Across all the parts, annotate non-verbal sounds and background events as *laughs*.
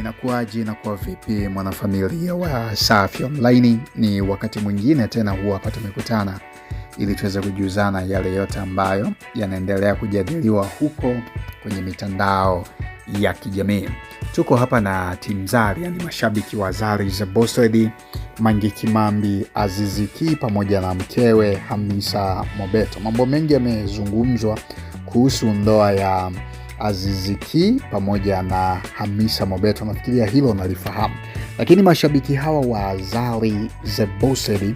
Inakuwaje, inakuwa vipi mwanafamilia wa Safi Online? Ni wakati mwingine tena huwa hapa tumekutana ili tuweze kujuzana yale yote ambayo yanaendelea kujadiliwa huko kwenye mitandao ya kijamii. Tuko hapa na timu Zari, yani mashabiki wa Zari za Boswedi, Mangi Kimambi, Aziziki pamoja na mkewe Hamisa Mobeto. Mambo mengi yamezungumzwa kuhusu ndoa ya Aziziki pamoja na Hamisa Mobeto, nafikiria hilo nalifahamu, lakini mashabiki hawa wa azari zeboseri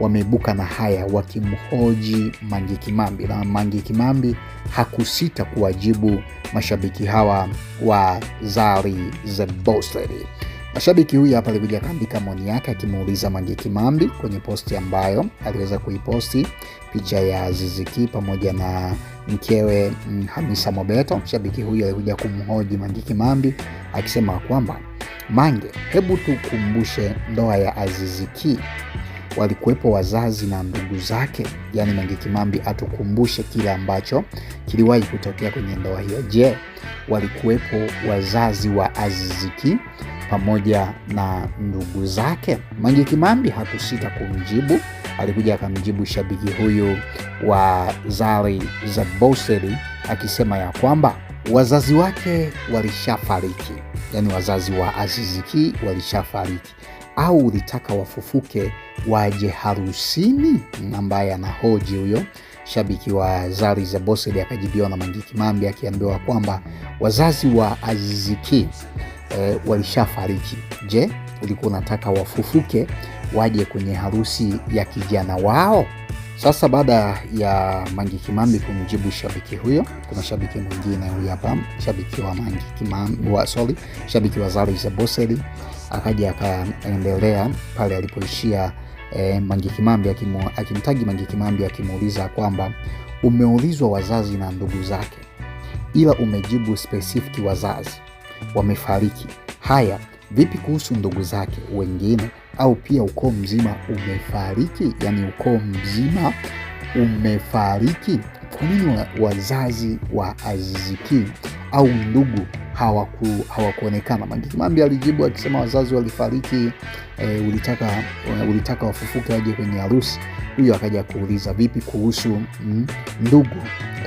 wameibuka na haya wakimhoji mangi Kimambi, na mangi Kimambi hakusita kuwajibu mashabiki hawa wa zari zeboseri Shabiki huyu hapa alikuja akaandika maoni yake akimuuliza Mange Kimambi kwenye posti ambayo aliweza kuiposti picha ya Ziziki pamoja na mkewe mm, Hamisa Mobeto. Shabiki huyu alikuja kumhoji Mange Kimambi akisema kwamba Mange, hebu tukumbushe ndoa ya Aziziki, walikuwepo wazazi na ndugu zake. Yaani Mange Kimambi atukumbushe kile ambacho kiliwahi kutokea kwenye ndoa hiyo. Je, walikuwepo wazazi wa Aziziki? pamoja na ndugu zake. Mange Kimambi hakusita kumjibu, alikuja akamjibu shabiki huyu wa Zari za Boseli akisema ya kwamba wazazi wake walishafariki, yaani wazazi wa aziziki walishafariki, au ulitaka wafufuke waje harusini? Ambaye anahoji huyo shabiki wa Zari za Boseli akajibiwa na Mange Kimambi akiambiwa kwamba wazazi wa Aziziki e, walishafariki. Je, ulikuwa unataka wafufuke waje kwenye harusi ya kijana wao? Sasa baada ya Mangi Kimambi kumjibu shabiki huyo, kuna shabiki mwingine huyu hapa, shabiki wa Mangi Kimambi wa sorry, shabiki wa Zari Boseli akaja akaendelea pale alipoishia eh, Mangi Kimambi akimtagi Mangi Kimambi akimuuliza kwamba umeulizwa wazazi na ndugu zake, ila umejibu specific wazazi wamefariki. Haya, vipi kuhusu ndugu zake wengine au pia ukoo mzima umefariki? Yaani ukoo mzima umefariki. Kwa nini wazazi wa Aziziki au ndugu hawaku hawakuonekana? Mange Kimambi alijibu akisema wazazi walifariki, e, ulitaka ulitaka wafufuke waje kwenye harusi. Huyo akaja kuuliza vipi kuhusu mm, ndugu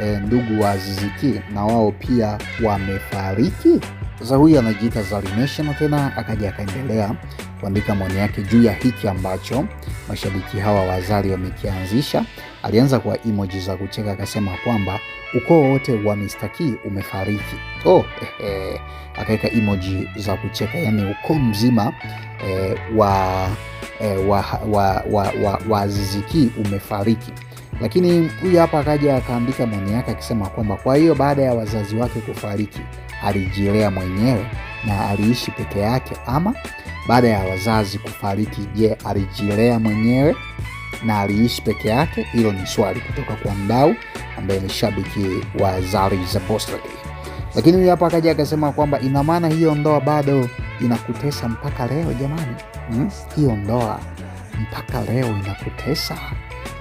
e, ndugu wa Aziziki na wao pia wamefariki? Sasa huyu anajiita Zarinesha na tena akaja akaendelea kuandika maoni yake juu ya hiki ambacho mashabiki hawa wa Zari wamekianzisha. Alianza kwa emoji za kucheka, akasema kwamba ukoo wote wa Mr. Key umefariki. Oh, akaweka emoji za kucheka, yani ukoo mzima eh, wa, eh, wa, wa, wa, wa, wa Azizi Key umefariki. Lakini huyu hapa akaja akaandika maoni yake akisema kwamba kwa hiyo baada ya wazazi wake kufariki alijilea mwenyewe na aliishi peke yake, ama baada ya wazazi kufariki, je, alijilea mwenyewe na aliishi peke yake? Hilo ni swali kutoka kwa mdau ambaye ni shabiki wa Zari za Boston. Lakini huyu hapa akaja akasema kwamba ina maana hiyo ndoa bado inakutesa mpaka leo jamani, hmm? hiyo ndoa mpaka leo inakutesa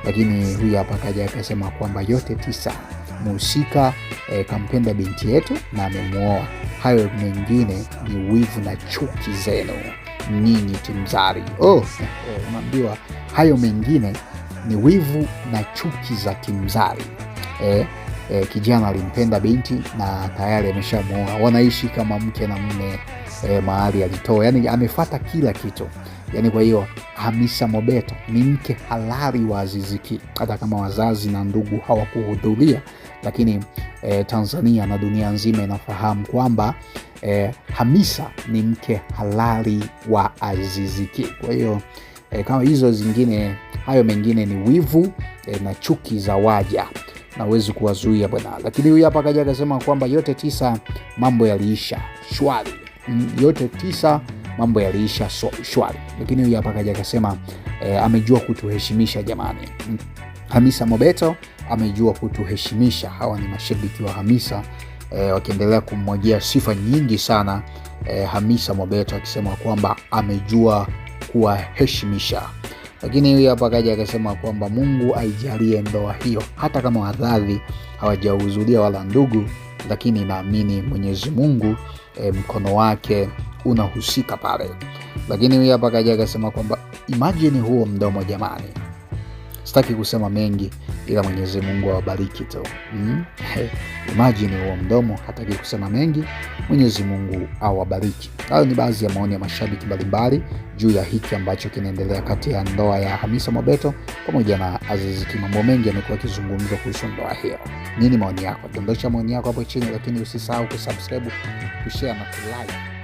lakini huyu hapa akaja akasema kwamba yote tisa, mhusika e, kampenda binti yetu na amemwoa. Hayo mengine ni wivu na chuki zenu nyinyi timzari. Oh, eh, unaambiwa hayo mengine ni wivu na chuki za timzari e, e, kijana alimpenda binti na tayari ameshamwoa, wanaishi kama mke na mume e, mahali alitoa, yani amefata kila kitu yani kwa hiyo Hamisa Mobeto ni mke halali wa aziziki hata kama wazazi na ndugu hawakuhudhuria, lakini eh, Tanzania na dunia nzima inafahamu kwamba eh, Hamisa ni mke halali wa aziziki Kwa hiyo eh, kama hizo zingine, hayo mengine ni wivu eh, na chuki za waja na kuwazuia bwana. Lakini huyu hapa kaja akasema kwamba yote tisa mambo yaliisha shwari, mm, yote tisa mambo yaliisha so, shwari, lakini huyu hapa kaja akasema e, amejua kutuheshimisha jamani. Hamisa Mobeto amejua kutuheshimisha. Hawa ni mashabiki wa Hamisa e, wakiendelea kumwagia sifa nyingi sana e, Hamisa Mobeto akisema kwamba amejua kuwaheshimisha lakini huyu hapa kaja akasema kwamba Mungu aijalie ndoa hiyo, hata kama wadhadhi hawajahudhuria wala ndugu lakini naamini Mwenyezi Mungu e, mkono wake unahusika pale. Lakini huyo hapa kaja akasema kwamba imajini huo mdomo jamani. Sitaki kusema mengi, ila Mwenyezi Mungu awabariki tu. Mm? Hey, *laughs* imagine huo mdomo hataki kusema mengi. Mwenyezi Mungu awabariki. Hayo ni baadhi ya maoni ya mashabiki mbalimbali juu ya hiki ambacho kinaendelea kati ya ndoa ya Hamisa Mobeto pamoja na aziziki Ki. Mambo mengi yamekuwa yakizungumzwa kuhusu ndoa hiyo. Nini maoni yako? Dondosha maoni yako hapo chini, lakini usisahau kusubscribe, kushare na kulike.